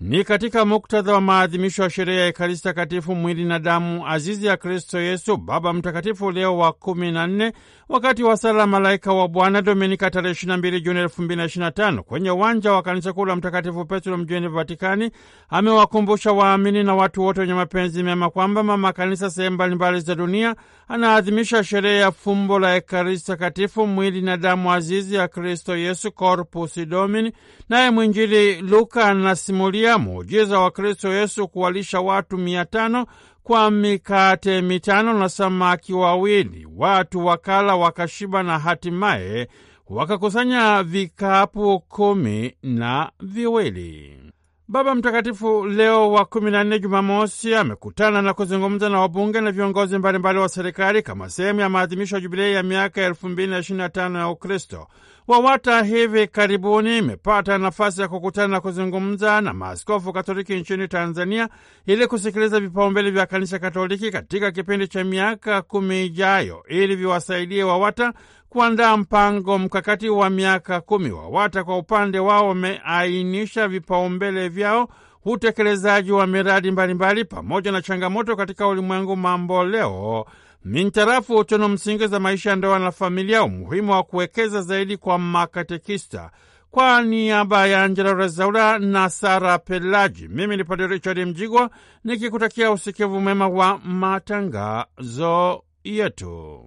Ni katika muktadha wa maadhimisho ya sherehe ya Ekaristi Takatifu, mwili na damu azizi ya Kristo Yesu, Baba Mtakatifu Leo wa kumi na nne, wakati wa sala Malaika wa Bwana, Dominika tarehe ishirini na mbili Juni elfu mbili na ishirini na tano, kwenye uwanja wa kanisa kuu la Mtakatifu Petro mjini Vatikani, amewakumbusha waamini na watu wote wenye mapenzi mema kwamba Mama Kanisa sehemu mbalimbali za dunia anaadhimisha sherehe ya fumbo la Ekaristi Takatifu, mwili na damu azizi ya Kristo Yesu, Corpus Domini. Naye mwinjili Luka anasimulia muujiza wa Kristo Yesu kuwalisha watu mia tano kwa mikate mitano na samaki wawili. Watu wakala wakashiba, na hatimaye wakakusanya vikapu kumi na viwili. Baba Mtakatifu Leo wa 14 na nne Jumamosi amekutana na kuzungumza na wabunge na viongozi mbalimbali wa serikali kama sehemu ya maadhimisho ya jubilei ya miaka elfu na ya Ukristo. WAWATA hivi karibuni imepata nafasi ya kukutana na kuzungumza na maaskofu Katoliki nchini Tanzania ili kusikiliza vipaumbele vya Kanisa Katoliki katika kipindi cha miaka kumi ijayo ili viwasaidie WAWATA kuandaa mpango mkakati wa miaka kumi. WAWATA kwa upande wao wameainisha vipaumbele vyao utekelezaji wa miradi mbalimbali pamoja na changamoto katika ulimwengu mambo leo mintarafu utono msingi za maisha ya ndoa na familia, umuhimu wa kuwekeza zaidi kwa makatekista. Kwa niaba ya Angela Rezaura na Sara Pelaji, mimi ni Padre Richard Mjigwa nikikutakia usikivu mwema wa matangazo yetu.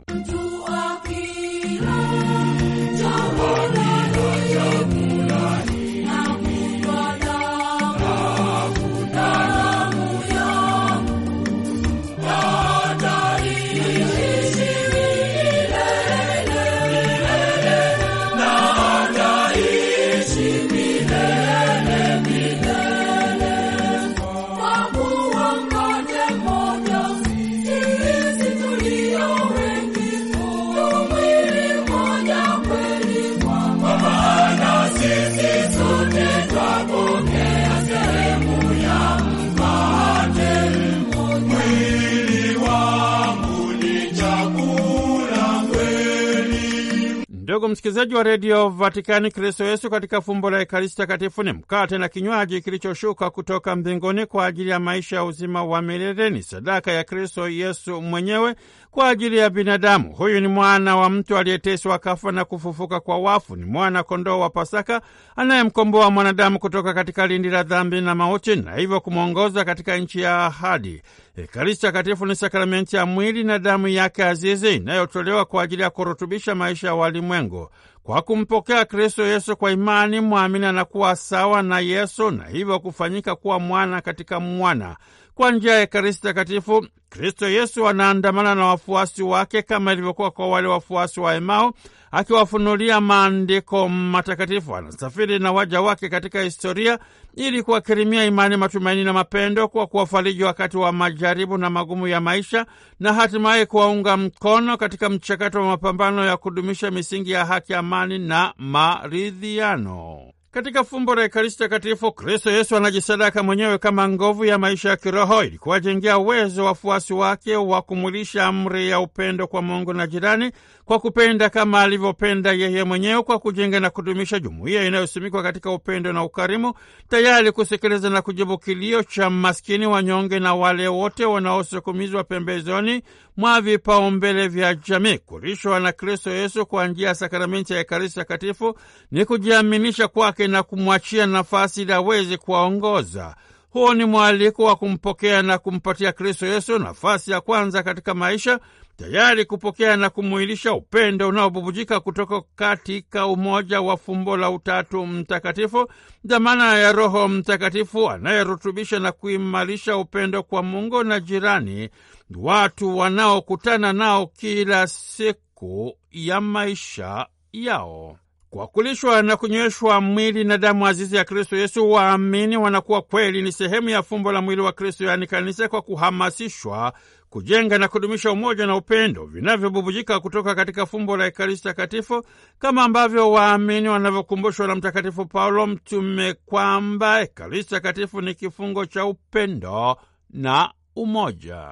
Ndugu msikilizaji wa redio Vatikani, Kristo Yesu katika fumbo la Ekaristi Takatifu ni mkate na kinywaji kilichoshuka kutoka mbinguni kwa ajili ya maisha ya uzima wa mileleni, sadaka ya Kristo Yesu mwenyewe kwa ajili ya binadamu. Huyu ni mwana wa mtu aliyeteswa kafa na kufufuka kwa wafu, ni mwana kondoo wa Pasaka anayemkomboa mwanadamu kutoka katika lindi la dhambi na mauti, na hivyo kumwongoza katika nchi ya ahadi. Ekaristi Takatifu ni sakramenti ya mwili na damu yake azizi inayotolewa kwa ajili ya kurutubisha maisha ya walimwengu. Kwa kumpokea Kristo Yesu kwa imani, mwamini anakuwa sawa na Yesu na hivyo kufanyika kuwa mwana katika mwana. Kwa njia ya Ekaristi Takatifu, Kristo Yesu anaandamana na wafuasi wake kama ilivyokuwa kwa wale wafuasi wa Emao, akiwafunulia maandiko matakatifu. Anasafiri na waja wake katika historia ili kuwakirimia imani, matumaini na mapendo, kwa kuwafariji wakati wa majaribu na magumu ya maisha, na hatimaye kuwaunga mkono katika mchakato wa mapambano ya kudumisha misingi ya haki, amani na maridhiano. Katika fumbo la Ekaristi Takatifu, Kristo Yesu anajisadaka mwenyewe kama nguvu ya maisha ya kiroho ili kuwajengea uwezo wafuasi wake wa kumulisha amri ya upendo kwa Mungu na jirani kwa kupenda kama alivyopenda yeye mwenyewe, kwa kujenga na kudumisha jumuiya inayosimikwa katika upendo na ukarimu, tayari kusikiliza na kujibu kilio cha maskini, wanyonge na wale wote wanaosukumizwa pembezoni mwa vipaumbele vya jamii. Kulishwa na Kristo Yesu kwa njia ya sakramenti ya Ekaristi Takatifu ni kujiaminisha kwake na kumwachia nafasi ili aweze kuwaongoza. Huu ni mwaliko wa kumpokea na kumpatia Kristo Yesu nafasi ya kwanza katika maisha, tayari kupokea na kumwilisha upendo unaobubujika kutoka katika umoja wa fumbo la Utatu Mtakatifu, dhamana ya Roho Mtakatifu anayerutubisha na kuimarisha upendo kwa Mungu na jirani, watu wanaokutana nao kila siku ya maisha yao. Kwa kulishwa na kunyweshwa mwili na damu azizi ya Kristo Yesu, waamini wanakuwa kweli ni sehemu ya fumbo la mwili wa Kristo, yaani kanisa, kwa kuhamasishwa kujenga na kudumisha umoja na upendo vinavyobubujika kutoka katika fumbo la Ekaristi Takatifu, kama ambavyo waamini wanavyokumbushwa na Mtakatifu Paulo Mtume kwamba Ekaristi Takatifu ni kifungo cha upendo na umoja.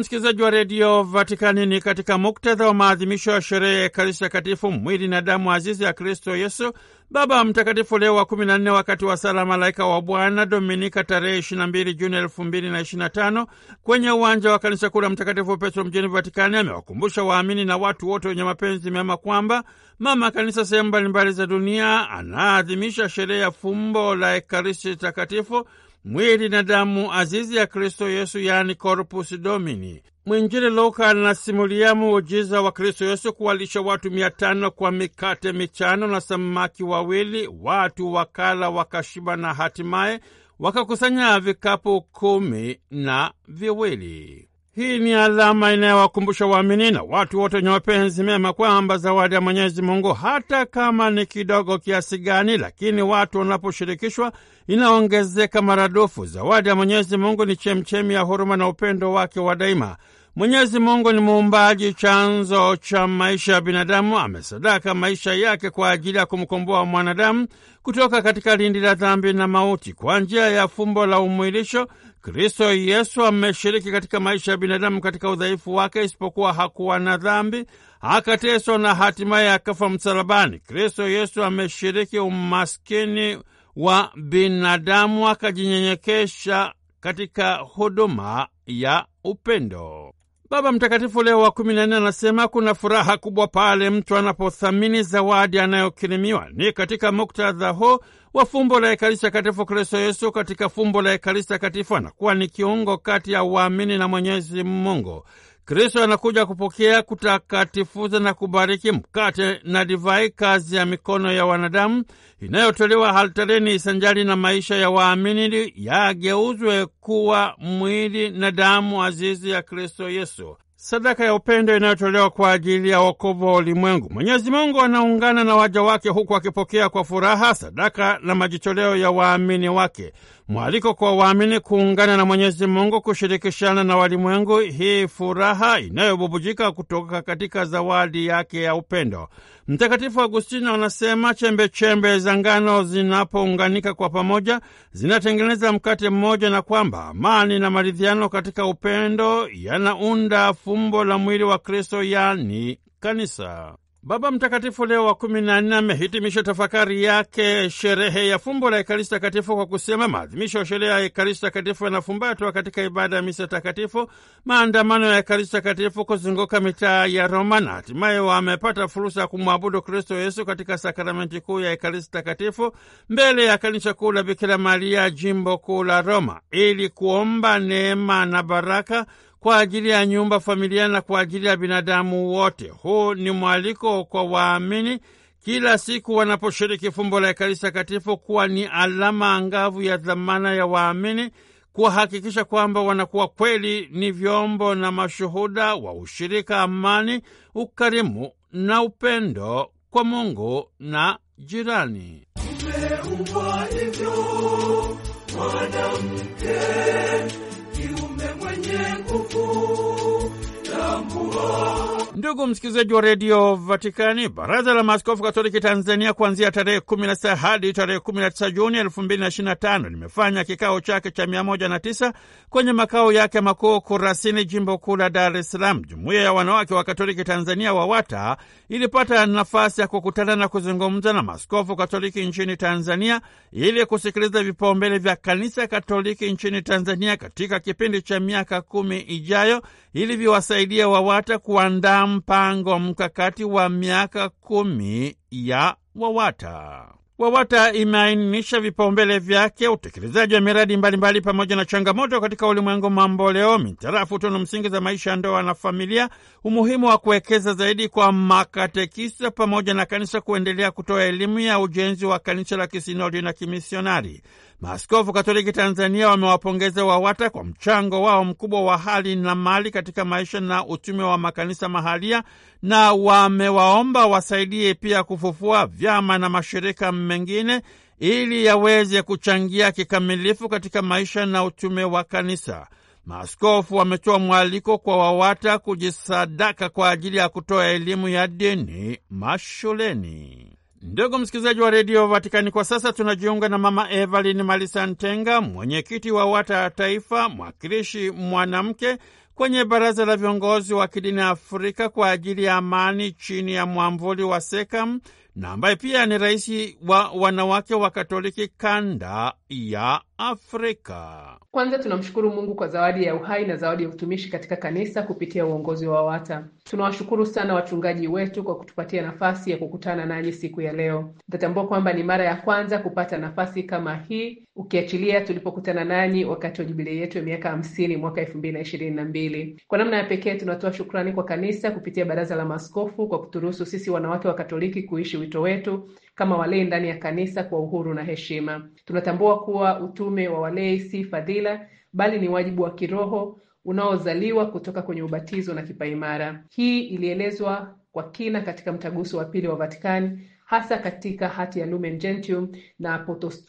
msikilizaji wa redio Vatikani, ni katika muktadha wa maadhimisho ya sherehe ya Ekaristi Takatifu, mwili na damu azizi ya Kristo Yesu, Baba Mtakatifu Leo wa 14 wakati wa sala Malaika wa Bwana, Dominika tarehe 22 Juni 2025 kwenye uwanja wa kanisa kuu la Mtakatifu Petro mjini Vatikani, amewakumbusha waamini na watu wote wenye mapenzi mema kwamba Mama Kanisa sehemu mbalimbali za dunia anaadhimisha sherehe ya fumbo la Ekaristi Takatifu mwili na damu azizi ya Kristo Yesu, yaani Corpus Domini. Mwinjili Luka anasimulia muujiza wa Kristo Yesu kuwalisha watu mia tano kwa mikate michano na samaki wawili. Watu wakala wakashiba, na hatimaye wakakusanya vikapu kumi na viwili. Hii ni alama inayowakumbusha waamini na watu wote wenye mapenzi mema kwamba zawadi ya Mwenyezi Mungu, hata kama ni kidogo kiasi gani, lakini watu wanaposhirikishwa inaongezeka maradufu. Zawadi ya Mwenyezi Mungu ni chemchemi ya huruma na upendo wake wa daima. Mwenyezi Mungu ni muumbaji, chanzo cha maisha ya binadamu. Amesadaka maisha yake kwa ajili ya kumkomboa mwanadamu kutoka katika lindi la dhambi na mauti. Kwa njia ya fumbo la umwilisho, Kristo Yesu ameshiriki katika maisha ya binadamu katika udhaifu wake, isipokuwa hakuwa na dhambi, akateswa na hatimaye akafa msalabani. Kristo Yesu ameshiriki umaskini wa binadamu, akajinyenyekesha katika huduma ya upendo. Baba Mtakatifu Leo wa kumi na nne anasema kuna furaha kubwa pale mtu anapothamini zawadi anayokirimiwa. Ni katika muktadha huu wa fumbo la Ekaristi Takatifu Kristo Yesu katika fumbo la Ekaristi Takatifu anakuwa ni kiungo kati ya waamini na Mwenyezi Mungu. Kristo anakuja kupokea, kutakatifuza na kubariki mkate na divai, kazi ya mikono ya wanadamu inayotolewa haltareni sanjari na maisha ya waamini yageuzwe kuwa mwili na damu azizi ya Kristo Yesu sadaka ya upendo inayotolewa kwa ajili ya wokovu wa ulimwengu. Mwenyezi Mungu anaungana na waja wake huku akipokea kwa furaha sadaka na majitoleo ya waamini wake mwaliko kwa waamini kuungana na Mwenyezi Mungu, kushirikishana na walimwengu hii furaha inayobubujika kutoka katika zawadi yake ya upendo. Mtakatifu Agustino anasema chembechembe za ngano zinapounganika kwa pamoja zinatengeneza mkate mmoja, na kwamba amani na maridhiano katika upendo yanaunda fumbo la mwili wa Kristo, yani kanisa. Baba Mtakatifu Leo wa kumi na nne amehitimisha tafakari yake sherehe ya fumbo la Ekaristi Takatifu kwa kusema maadhimisho ya sherehe ya Ekaristi Takatifu yanafumbatwa katika ibada ya misa takatifu, maandamano ya Ekaristi Takatifu, kuzunguka mitaa ya Roma na hatimaye wamepata fursa ya kumwabudu Kristo Yesu katika sakramenti kuu ya Ekaristi Takatifu mbele ya kanisa kuu la Bikira Maria, jimbo kuu la Roma, ili kuomba neema na baraka kwa ajili ya nyumba, familia na kwa ajili ya binadamu wote. Huu ni mwaliko kwa waamini kila siku wanaposhiriki fumbo la Ekaristi Takatifu kuwa ni alama angavu ya dhamana ya waamini kuhakikisha kwamba wanakuwa kweli ni vyombo na mashuhuda wa ushirika, amani, ukarimu na upendo kwa Mungu na jirani. Umeumbwa hivyo mwanamke Ndugu msikilizaji wa redio Vatikani, baraza la maaskofu katoliki Tanzania kuanzia tarehe 16 hadi tarehe 19 Juni 2025 limefanya kikao chake cha 109 kwenye makao yake makuu Kurasini, jimbo kuu la Dar es Salaam. Jumuiya ya wanawake wa katoliki Tanzania WAWATA ilipata nafasi ya kukutana na kuzungumza na maaskofu katoliki nchini Tanzania ili kusikiliza vipaumbele vya kanisa katoliki nchini Tanzania katika kipindi cha miaka kumi ijayo ili viwasaidie WAWATA kuandaa mpango mkakati wa miaka kumi ya WAWATA. WAWATA imeainisha vipaumbele vyake, utekelezaji wa miradi mbalimbali pamoja na changamoto katika ulimwengu mamboleo, mitarafu tunu msingi za maisha ya ndoa na familia, umuhimu wa kuwekeza zaidi kwa makatekisa pamoja na kanisa kuendelea kutoa elimu ya ujenzi wa kanisa la kisinodi na kimisionari. Maaskofu Katoliki Tanzania wamewapongeza WAWATA kwa mchango wao mkubwa wa hali na mali katika maisha na utume wa makanisa mahalia na wamewaomba wasaidie pia kufufua vyama na mashirika mengine ili yaweze kuchangia kikamilifu katika maisha na utume wa kanisa. Maaskofu wametoa mwaliko kwa WAWATA kujisadaka kwa ajili ya kutoa elimu ya dini mashuleni. Ndugu msikilizaji wa redio Vatikani, kwa sasa tunajiunga na Mama Evelin Malisa Ntenga, mwenyekiti wa WATA ya Taifa, mwakilishi mwanamke kwenye baraza la viongozi wa kidini Afrika kwa ajili ya amani chini ya mwamvuli wa SEKAM na ambaye pia ni rais wa wanawake wa Katoliki kanda ya Afrika. Kwanza tunamshukuru Mungu kwa zawadi ya uhai na zawadi ya utumishi katika kanisa kupitia uongozi wa WAWATA. Tunawashukuru sana wachungaji wetu kwa kutupatia nafasi ya kukutana nanyi siku ya leo. Natambua kwamba ni mara ya kwanza kupata nafasi kama hii, ukiachilia tulipokutana nanyi wakati wa jubilei yetu ya miaka hamsini mwaka elfu mbili na ishirini na mbili. Kwa namna ya pekee tunatoa shukrani kwa kanisa kupitia baraza la maaskofu kwa kuturuhusu sisi wanawake wa Katoliki kuishi wito wetu kama walei ndani ya kanisa kwa uhuru na heshima. Tunatambua kuwa utume wa walei si fadhila, bali ni wajibu wa kiroho unaozaliwa kutoka kwenye ubatizo na kipaimara. Hii ilielezwa kwa kina katika mtaguso wa pili wa Vatikani hasa katika hati ya Lumen Gentium na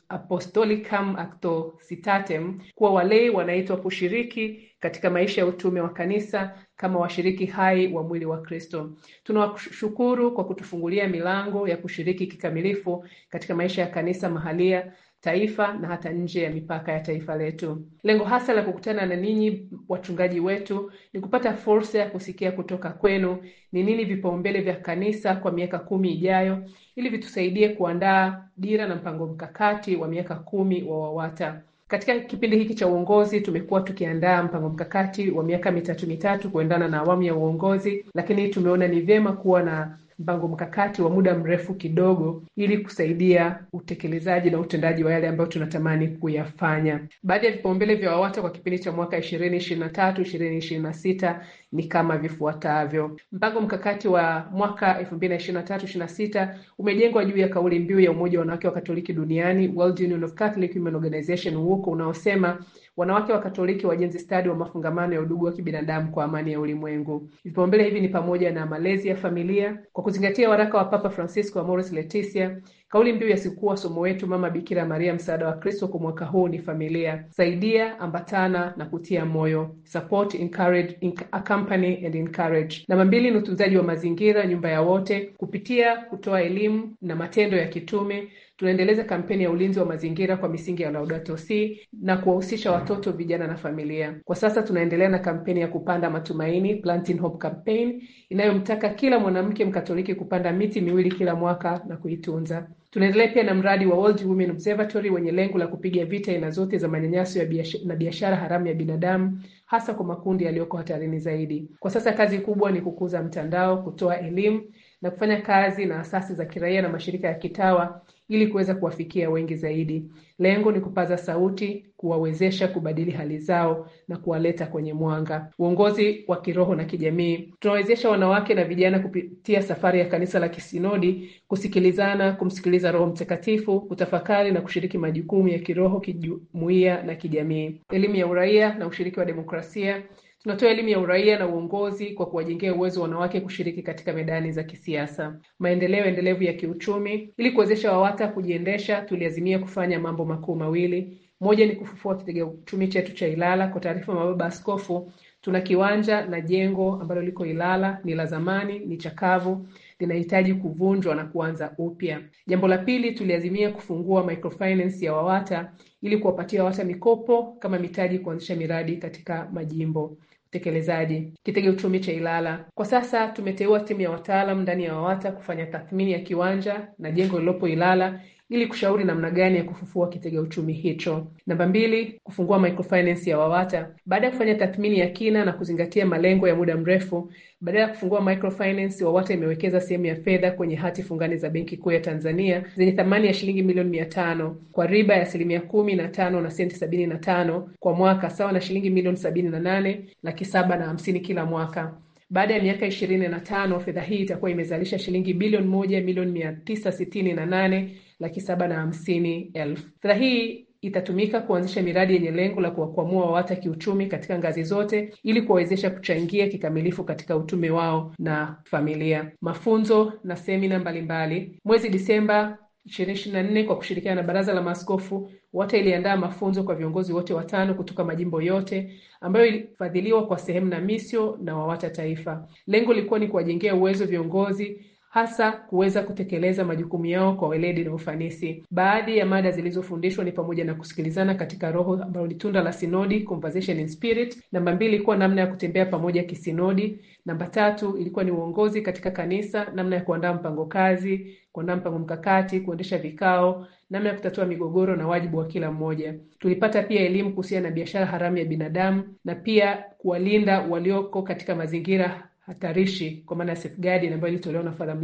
Apostolicam Actuositatem kuwa walei wanaitwa kushiriki katika maisha ya utume wa kanisa kama washiriki hai wa mwili wa Kristo. Tunawashukuru kwa kutufungulia milango ya kushiriki kikamilifu katika maisha ya kanisa mahalia taifa na hata nje ya mipaka ya taifa letu. Lengo hasa la kukutana na ninyi wachungaji wetu ni kupata fursa ya kusikia kutoka kwenu ni nini vipaumbele vya kanisa kwa miaka kumi ijayo, ili vitusaidie kuandaa dira na mpango mkakati wa miaka kumi wa WAWATA. Katika kipindi hiki cha uongozi tumekuwa tukiandaa mpango mkakati wa miaka mitatu mitatu kuendana na awamu ya uongozi, lakini tumeona ni vyema kuwa na mpango mkakati wa muda mrefu kidogo, ili kusaidia utekelezaji na utendaji wa yale ambayo tunatamani kuyafanya. Baadhi ya vipaumbele vya WAWATA kwa kipindi cha mwaka ishirini ishirini na tatu ishirini na sita ni kama vifuatavyo. Mpango mkakati wa mwaka elfu mbili na na tatu na sita umejengwa juu ya kauli mbiu ya Umoja wa Wanawake wa Katoliki Duniani, World Union of Catholic Women Organization, unaosema Wanawake wa Katoliki wajenzi stadi wa mafungamano ya udugu wa kibinadamu kwa amani ya ulimwengu. Vipaumbele hivi ni pamoja na malezi ya familia kwa kuzingatia waraka wa Papa Francisco wa Amoris leticia Kauli mbiu ya sikukuu wa somo wetu Mama Bikira Maria msaada wa Kristo kwa mwaka huu ni familia: saidia, ambatana na kutia moyo, support, encourage, accompany and encourage. Namba mbili ni utunzaji wa mazingira, nyumba ya wote, kupitia kutoa elimu na matendo ya kitume tunaendeleza kampeni ya ulinzi wa mazingira kwa misingi ya Laudato Si na kuwahusisha watoto, vijana na familia. Kwa sasa tunaendelea na kampeni ya kupanda matumaini, Planting Hope Campaign, inayomtaka kila mwanamke Mkatoliki kupanda miti miwili kila mwaka na kuitunza. Tunaendelea pia na mradi wa World Women Observatory wenye lengo la kupiga vita aina zote za manyanyaso na biashara haramu ya binadamu hasa kwa makundi yaliyoko hatarini zaidi. Kwa sasa kazi kubwa ni kukuza mtandao, kutoa elimu na kufanya kazi na asasi za kiraia na mashirika ya kitawa ili kuweza kuwafikia wengi zaidi. Lengo ni kupaza sauti, kuwawezesha kubadili hali zao na kuwaleta kwenye mwanga. Uongozi wa kiroho na kijamii, tunawezesha wanawake na vijana kupitia safari ya kanisa la kisinodi kusikilizana, kumsikiliza Roho Mtakatifu, kutafakari na kushiriki majukumu ya kiroho, kijumuiya na kijamii. Elimu ya uraia na ushiriki wa demokrasia Tunatoa elimu ya uraia na uongozi kwa kuwajengea uwezo wanawake kushiriki katika medani za kisiasa, maendeleo endelevu ya kiuchumi. Ili kuwezesha Wawata kujiendesha, tuliazimia kufanya mambo makuu mawili. Moja ni kufufua kitega uchumi chetu cha Ilala. Kwa taarifa mababa askofu, tuna kiwanja na jengo ambalo liko Ilala, ni la zamani, ni chakavu, linahitaji kuvunjwa na kuanza upya. Jambo la pili, tuliazimia kufungua microfinance ya Wawata ili kuwapatia Wawata mikopo kama mitaji kuanzisha miradi katika majimbo utekelezaji. kitege uchumi cha Ilala, kwa sasa tumeteua timu ya wataalam ndani ya WAWATA kufanya tathmini ya kiwanja na jengo lililopo Ilala ili kushauri namna gani ya kufufua kitega uchumi hicho. Namba mbili, kufungua microfinance ya Wawata. Baada ya kufanya tathmini ya kina na kuzingatia malengo ya muda mrefu, badala ya kufungua microfinance, Wawata imewekeza sehemu ya fedha kwenye hati fungani za Benki Kuu ya Tanzania zenye thamani ya shilingi milioni mia tano kwa riba ya asilimia kumi na tano na senti sabini na tano kwa mwaka sawa na shilingi milioni sabini na nane laki saba na hamsini kila mwaka. Baada ya miaka ishirini na tano fedha hii itakuwa imezalisha shilingi bilioni moja milioni mia tisa sitini na nane laki saba na hamsini elfu. Fedha hii itatumika kuanzisha miradi yenye lengo la kuwakwamua WAWATA kiuchumi katika ngazi zote ili kuwawezesha kuchangia kikamilifu katika utume wao na familia, mafunzo na semina mbalimbali. Mwezi Disemba 2024 kwa kushirikiana na Baraza la Maaskofu, WATA iliandaa mafunzo kwa viongozi wote watano kutoka majimbo yote ambayo ilifadhiliwa kwa sehemu na Misio na WAWATA Taifa. Lengo lilikuwa ni kuwajengea uwezo viongozi hasa kuweza kutekeleza majukumu yao kwa weledi na ufanisi. Baadhi ya mada zilizofundishwa ni pamoja na kusikilizana katika roho ambayo ni tunda la sinodi, conversation in spirit. Namba mbili ilikuwa namna ya kutembea pamoja kisinodi. Namba tatu ilikuwa ni uongozi katika kanisa, namna ya kuandaa mpango kazi, kuandaa mpango mkakati, kuendesha vikao, namna ya kutatua migogoro na wajibu wa kila mmoja. Tulipata pia elimu kuhusiana na biashara haramu ya binadamu na pia kuwalinda walioko katika mazingira hatarishi kwa maana ya safeguarding ambayo ilitolewa na Father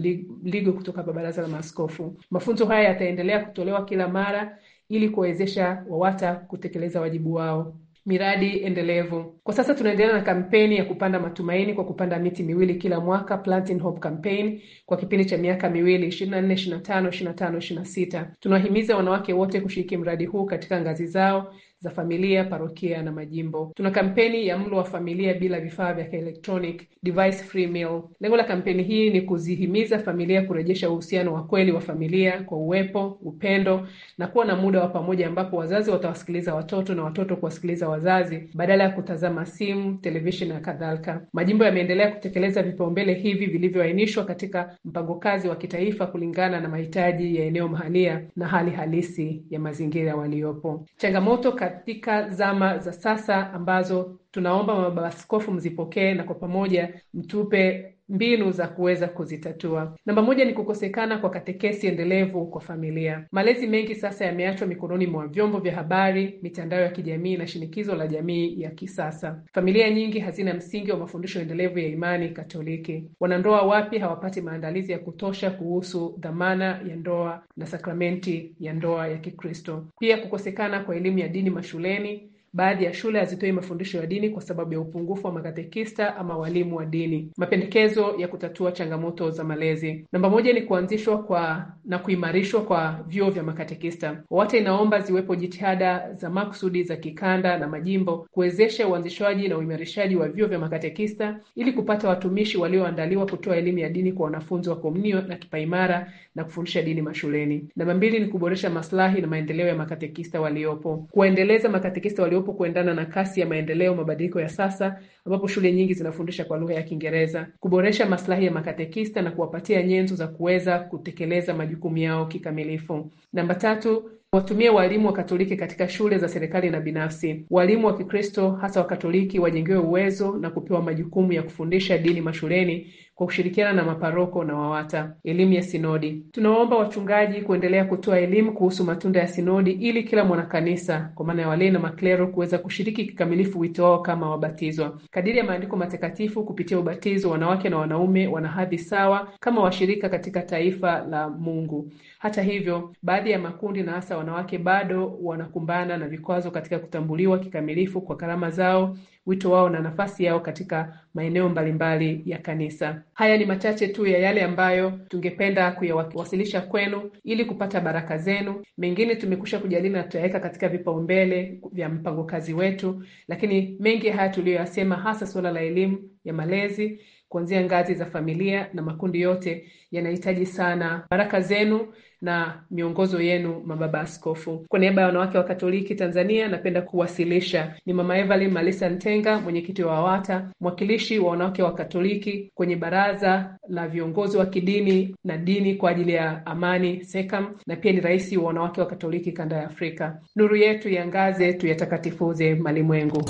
Mligo kutoka kwa Baraza la Maaskofu. Mafunzo haya yataendelea kutolewa kila mara ili kuwawezesha WAWATA kutekeleza wajibu wao miradi endelevu. Kwa sasa tunaendelea na kampeni ya kupanda matumaini kwa kupanda miti miwili kila mwaka, Planting Hope Campaign, kwa kipindi cha miaka miwili 24, 25, 25, 26. Tunawahimiza wanawake wote kushiriki mradi huu katika ngazi zao za familia, parokia na majimbo. Tuna kampeni ya mlo wa familia bila vifaa vya device free meal. Lengo la kampeni hii ni kuzihimiza familia kurejesha uhusiano wa kweli wa familia kwa uwepo, upendo na kuwa na muda wa pamoja, ambapo wazazi watawasikiliza watoto na watoto kuwasikiliza wazazi badala ya kutazama simu, televisheni na kadhalika. Majimbo yameendelea kutekeleza vipaumbele hivi vilivyoainishwa katika mpango kazi wa kitaifa kulingana na mahitaji ya eneo mahalia na hali halisi ya mazingira waliopo. Changamoto katika zama za sasa ambazo tunaomba mababa askofu mzipokee na kwa pamoja mtupe mbinu za kuweza kuzitatua. Namba moja ni kukosekana kwa katekesi endelevu kwa familia. Malezi mengi sasa yameachwa mikononi mwa vyombo vya habari, mitandao ya kijamii na shinikizo la jamii ya kisasa. Familia nyingi hazina msingi wa mafundisho endelevu ya imani Katoliki. Wanandoa wapya hawapati maandalizi ya kutosha kuhusu dhamana ya ndoa na sakramenti ya ndoa ya Kikristo. Pia kukosekana kwa elimu ya dini mashuleni baadhi ya shule hazitoi mafundisho ya dini kwa sababu ya upungufu wa makatekista ama walimu wa dini. Mapendekezo ya kutatua changamoto za malezi: namba moja ni kuanzishwa kwa na kuimarishwa kwa vyuo vya makatekista. wote. inaomba ziwepo jitihada za maksudi za kikanda na majimbo kuwezesha uanzishwaji na uimarishaji wa vyuo vya makatekista ili kupata watumishi walioandaliwa kutoa elimu ya dini kwa wanafunzi wa komunio na kipaimara na kufundisha dini mashuleni. Namba mbili ni kuboresha maslahi na maendeleo ya makatekista waliopo, kuwaendeleza makatekista waliopo uliopo kuendana na kasi ya maendeleo mabadiliko ya sasa, ambapo shule nyingi zinafundisha kwa lugha ya Kiingereza, kuboresha maslahi ya makatekista na kuwapatia nyenzo za kuweza kutekeleza majukumu yao kikamilifu. Namba tatu, watumie walimu wa Katoliki katika shule za serikali na binafsi. Walimu wa Kikristo hasa wa Katoliki wajengewe uwezo na kupewa majukumu ya kufundisha dini mashuleni kwa kushirikiana na maparoko na Wawata. Elimu ya sinodi: tunawaomba wachungaji kuendelea kutoa elimu kuhusu matunda ya sinodi ili kila mwanakanisa, kwa maana ya walei na maklero, kuweza kushiriki kikamilifu wito wao kama wabatizwa. Kadiri ya maandiko matakatifu, kupitia ubatizo wanawake na wanaume wana hadhi sawa kama washirika katika taifa la Mungu. Hata hivyo, baadhi ya makundi na hasa wanawake bado wanakumbana na vikwazo katika kutambuliwa kikamilifu kwa karama zao, wito wao na nafasi yao katika maeneo mbalimbali ya kanisa. Haya ni machache tu ya yale ambayo tungependa kuyawasilisha kwenu ili kupata baraka zenu. Mengine tumekusha kujali na tutayaweka katika vipaumbele vya mpango kazi wetu, lakini mengi haya tuliyoyasema, hasa suala la elimu ya malezi kuanzia ngazi za familia na makundi yote, yanahitaji sana baraka zenu na miongozo yenu, mababa askofu. Kwa niaba ya wanawake wa Katoliki Tanzania, napenda kuwasilisha ni Mama Evelyn Malisa Ntenga, mwenyekiti wa AWATA, mwakilishi wa wanawake wa Katoliki kwenye baraza la viongozi wa kidini na dini kwa ajili ya amani SEKAM, na pia ni rais wa wanawake wa Katoliki kanda ya Afrika. Nuru yetu iangaze, tuyatakatifuze malimwengu.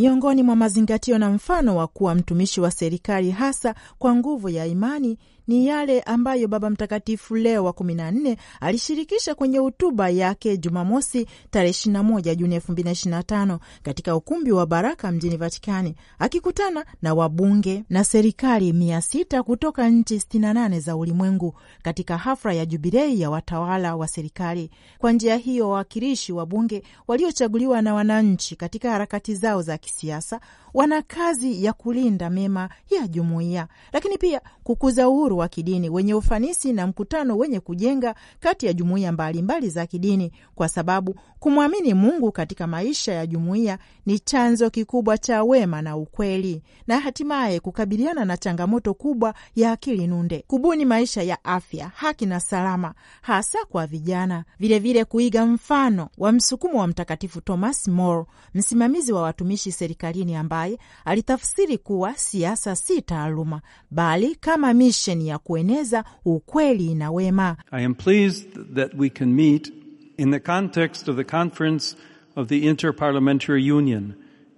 miongoni mwa mazingatio na mfano wa kuwa mtumishi wa serikali hasa kwa nguvu ya imani ni yale ambayo Baba Mtakatifu Leo wa 14 alishirikisha kwenye hutuba yake Jumamosi tarehe 21 Juni 2025 katika ukumbi wa Baraka mjini Vatikani, akikutana na wabunge na serikali 600 kutoka nchi 68 za ulimwengu katika hafla ya jubilei ya watawala wa serikali. Kwa njia hiyo, wawakilishi wa bunge waliochaguliwa na wananchi katika harakati zao za kisiasa wana kazi ya kulinda mema ya jumuiya, lakini pia kukuza uhuru wa kidini wenye ufanisi na mkutano wenye kujenga kati ya jumuiya mbalimbali za kidini, kwa sababu kumwamini Mungu katika maisha ya jumuiya ni chanzo kikubwa cha wema na ukweli, na hatimaye kukabiliana na changamoto kubwa ya akili nunde, kubuni maisha ya afya, haki na salama, hasa kwa vijana, vilevile vile kuiga mfano wa msukumo wa Mtakatifu Thomas More, msimamizi wa watumishi serikalini, ambaye alitafsiri kuwa siasa si taaluma bali kama misheni ya kueneza ukweli na wema. I am pleased that we can meet in the context of the conference of the Interparliamentary Union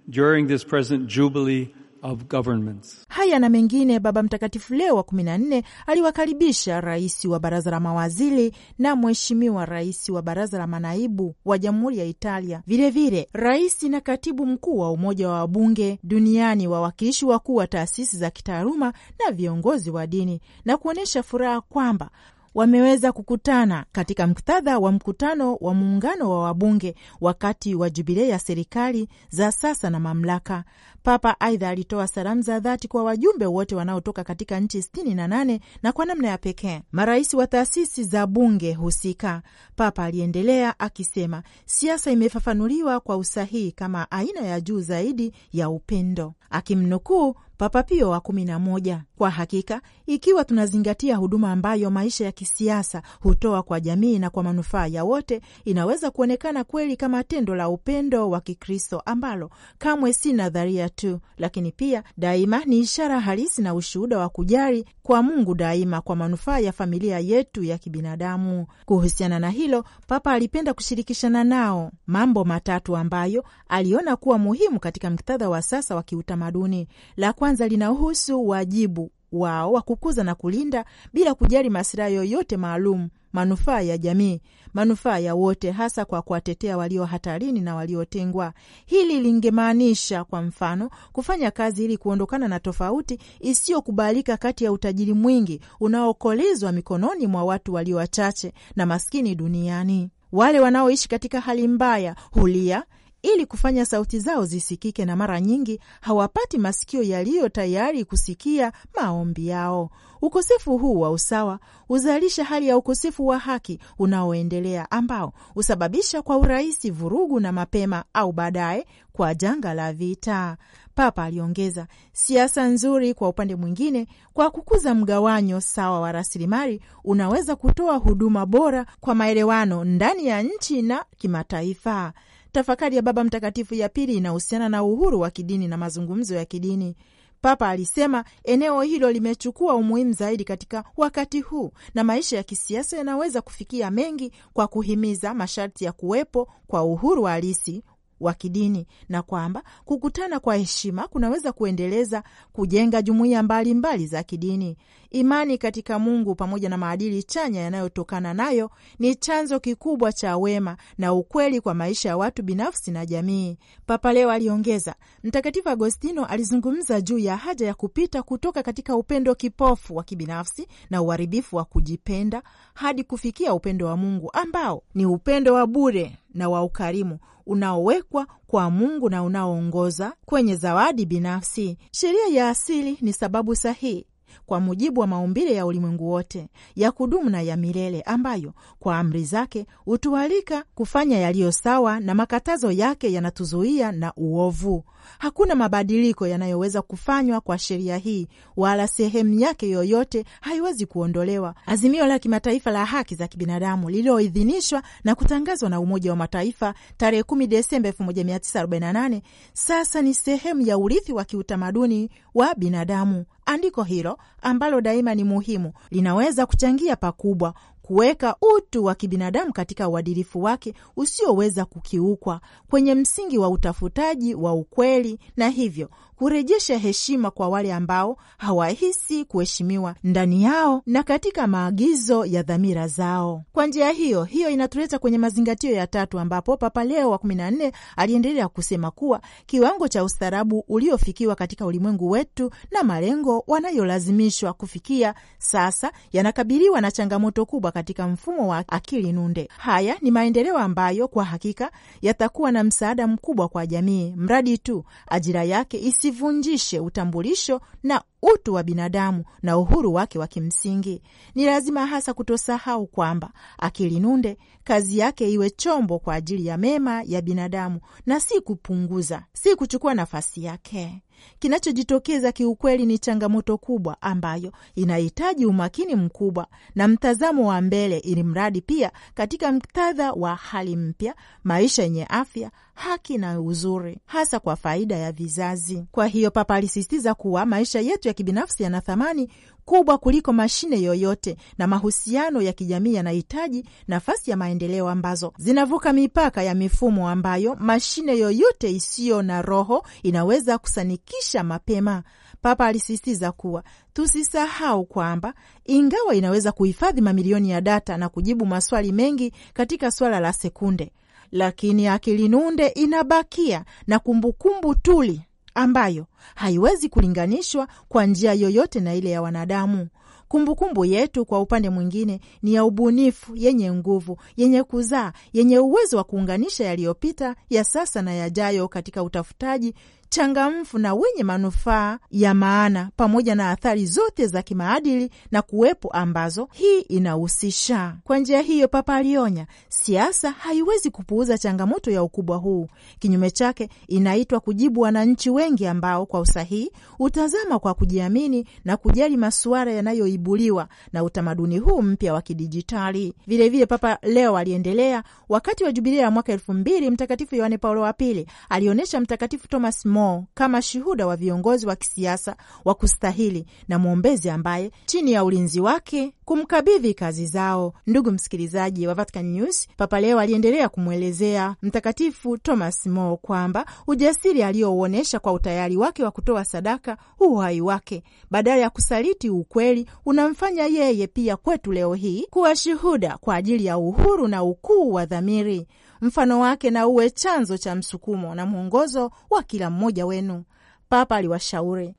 during this present jubilee of governments. Haya na mengine, Baba Mtakatifu Leo wa 14 aliwakaribisha rais wa baraza la mawaziri na mheshimiwa rais wa baraza la manaibu wa jamhuri ya Italia, vilevile rais na katibu mkuu wa umoja wa wabunge duniani, wawakilishi wakuu wa taasisi za kitaaluma na viongozi wa dini, na kuonyesha furaha kwamba wameweza kukutana katika muktadha wa mkutano wa muungano wa wabunge wakati wa jubilei ya serikali za sasa na mamlaka. Papa aidha alitoa salamu za dhati kwa wajumbe wote wanaotoka katika nchi 68 na na kwa namna ya pekee marais wa taasisi za bunge husika. Papa aliendelea akisema, siasa imefafanuliwa kwa usahihi kama aina ya juu zaidi ya upendo, akimnukuu Papa Pio wa kumi na moja. Kwa hakika, ikiwa tunazingatia huduma ambayo maisha ya kisiasa hutoa kwa jamii na kwa manufaa ya wote, inaweza kuonekana kweli kama tendo la upendo wa Kikristo ambalo kamwe si nadharia tu, lakini pia daima ni ishara halisi na ushuhuda wa kujali kwa Mungu daima kwa manufaa ya familia yetu ya kibinadamu. Kuhusiana na hilo, Papa alipenda kushirikishana nao mambo matatu ambayo aliona kuwa muhimu katika muktadha wa sasa wa kiutamaduni la kwanza linahusu wajibu wao wa kukuza na kulinda bila kujali masilaha yoyote maalum manufaa ya jamii, manufaa ya wote, hasa kwa kuwatetea walio hatarini na waliotengwa. Hili lingemaanisha kwa mfano, kufanya kazi ili kuondokana na tofauti isiyokubalika kati ya utajiri mwingi unaokolezwa mikononi mwa watu walio wachache na maskini duniani. Wale wanaoishi katika hali mbaya hulia ili kufanya sauti zao zisikike, na mara nyingi hawapati masikio yaliyo tayari kusikia maombi yao. Ukosefu huu wa usawa huzalisha hali ya ukosefu wa haki unaoendelea ambao husababisha kwa urahisi vurugu na mapema au baadaye kwa janga la vita. Papa aliongeza, siasa nzuri kwa upande mwingine, kwa kukuza mgawanyo sawa wa rasilimali, unaweza kutoa huduma bora kwa maelewano ndani ya nchi na kimataifa. Tafakari ya Baba Mtakatifu ya pili inahusiana na uhuru wa kidini na mazungumzo ya kidini. Papa alisema eneo hilo limechukua umuhimu zaidi katika wakati huu, na maisha ya kisiasa yanaweza kufikia mengi kwa kuhimiza masharti ya kuwepo kwa uhuru halisi wa kidini na kwamba kukutana kwa heshima kunaweza kuendeleza kujenga jumuiya mbalimbali za kidini. Imani katika Mungu pamoja na maadili chanya yanayotokana nayo ni chanzo kikubwa cha wema na ukweli kwa maisha ya watu binafsi na jamii. Papa leo aliongeza, Mtakatifu Agostino alizungumza juu ya haja ya kupita kutoka katika upendo kipofu wa kibinafsi na uharibifu wa kujipenda hadi kufikia upendo wa Mungu ambao ni upendo wa bure na wa ukarimu unaowekwa kwa Mungu na unaoongoza kwenye zawadi binafsi. Sheria ya asili ni sababu sahihi kwa mujibu wa maumbile ya ulimwengu wote ya kudumu na ya milele, ambayo kwa amri zake hutualika kufanya yaliyo sawa, na makatazo yake yanatuzuia na uovu. Hakuna mabadiliko yanayoweza kufanywa kwa sheria hii, wala sehemu yake yoyote haiwezi kuondolewa. Azimio la kimataifa la haki za kibinadamu lililoidhinishwa na kutangazwa na Umoja wa Mataifa tarehe 10 Desemba 1948 sasa ni sehemu ya urithi wa kiutamaduni wa binadamu Andiko hilo ambalo daima ni muhimu linaweza kuchangia pakubwa kuweka utu wa kibinadamu katika uadilifu wake usioweza kukiukwa kwenye msingi wa utafutaji wa ukweli, na hivyo kurejesha heshima kwa wale ambao hawahisi kuheshimiwa ndani yao na katika maagizo ya dhamira zao. Kwa njia hiyo hiyo, inatuleta kwenye mazingatio ya tatu, ambapo Papa Leo wa kumi na nne aliendelea kusema kuwa kiwango cha ustaarabu uliofikiwa katika ulimwengu wetu na malengo wanayolazimishwa kufikia sasa yanakabiliwa na changamoto kubwa katika mfumo wa akili nunde. Haya ni maendeleo ambayo kwa hakika yatakuwa na msaada mkubwa kwa jamii, mradi tu ajira yake isivunjishe utambulisho na utu wa binadamu na uhuru wake wa kimsingi. Ni lazima hasa kutosahau kwamba akili nunde kazi yake iwe chombo kwa ajili ya mema ya binadamu na si kupunguza, si kuchukua nafasi yake. Kinachojitokeza kiukweli ni changamoto kubwa ambayo inahitaji umakini mkubwa na mtazamo wa mbele, ili mradi pia katika muktadha wa hali mpya, maisha yenye afya, haki na uzuri, hasa kwa faida ya vizazi. Kwa hiyo, Papa alisisitiza kuwa maisha yetu ya kibinafsi yana thamani kubwa kuliko mashine yoyote, na mahusiano ya kijamii yanahitaji nafasi ya maendeleo ambazo zinavuka mipaka ya mifumo ambayo mashine yoyote isiyo na roho inaweza kusanikisha mapema. Papa alisisitiza kuwa tusisahau kwamba ingawa inaweza kuhifadhi mamilioni ya data na kujibu maswali mengi katika swala la sekunde, lakini akili nunde inabakia na kumbukumbu tuli ambayo haiwezi kulinganishwa kwa njia yoyote na ile ya wanadamu. Kumbukumbu yetu kwa upande mwingine ni ya ubunifu, yenye nguvu, yenye kuzaa, yenye uwezo wa kuunganisha yaliyopita, ya sasa na yajayo katika utafutaji changamfu na wenye manufaa ya maana, pamoja na athari zote za kimaadili na kuwepo ambazo hii inahusisha. Kwa njia hiyo, Papa alionya, siasa haiwezi kupuuza changamoto ya ukubwa huu. Kinyume chake, inaitwa kujibu wananchi wengi ambao kwa usahihi utazama kwa kujiamini na kujali masuala yanayoibuliwa na utamaduni huu mpya wa kidijitali. Vilevile Papa leo aliendelea, wakati wa jubilia ya mwaka elfu mbili Mtakatifu Yohane Paulo wa Pili alionyesha Mtakatifu Thomas More Mo kama shuhuda wa viongozi wa kisiasa wa kustahili na mwombezi ambaye chini ya ulinzi wake kumkabidhi kazi zao. Ndugu msikilizaji wa Vatican News, Papa leo aliendelea kumwelezea Mtakatifu Thomas More kwamba ujasiri aliyouonyesha kwa utayari wake wa kutoa sadaka huu uhai wake badala ya kusaliti ukweli unamfanya yeye pia kwetu leo hii kuwa shuhuda kwa ajili ya uhuru na ukuu wa dhamiri mfano wake na uwe chanzo cha msukumo na mwongozo wa kila mmoja wenu, Papa aliwashauri.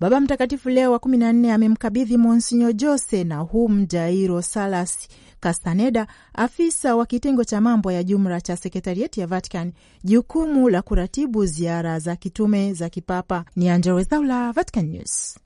Baba Mtakatifu Leo wa 14 amemkabidhi Monsinyo Jose na hum Jairo Salas Castaneda, afisa wa kitengo cha mambo ya jumla cha sekretarieti ya Vatican, jukumu la kuratibu ziara za kitume za kipapa. Ni Angella Rwezaula, Vatican News.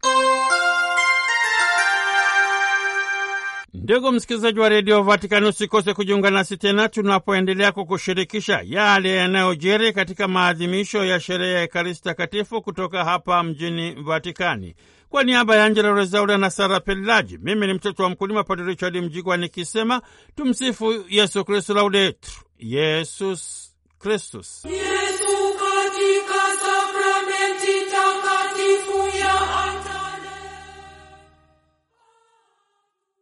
Mm-hmm. Ndugu msikilizaji wa redio Vatikani, usikose kujiunga nasi tena tunapoendelea kukushirikisha yale yanayojiri katika maadhimisho ya sherehe ya Ekaristi Takatifu kutoka hapa mjini Vatikani. Kwa niaba ya Angela Rezaula na Sara Pelaji, mimi ni mtoto wa mkulima Padre Richard Mjigwa nikisema tumsifu Yesu Kristu, laudetur Yesus Kristus.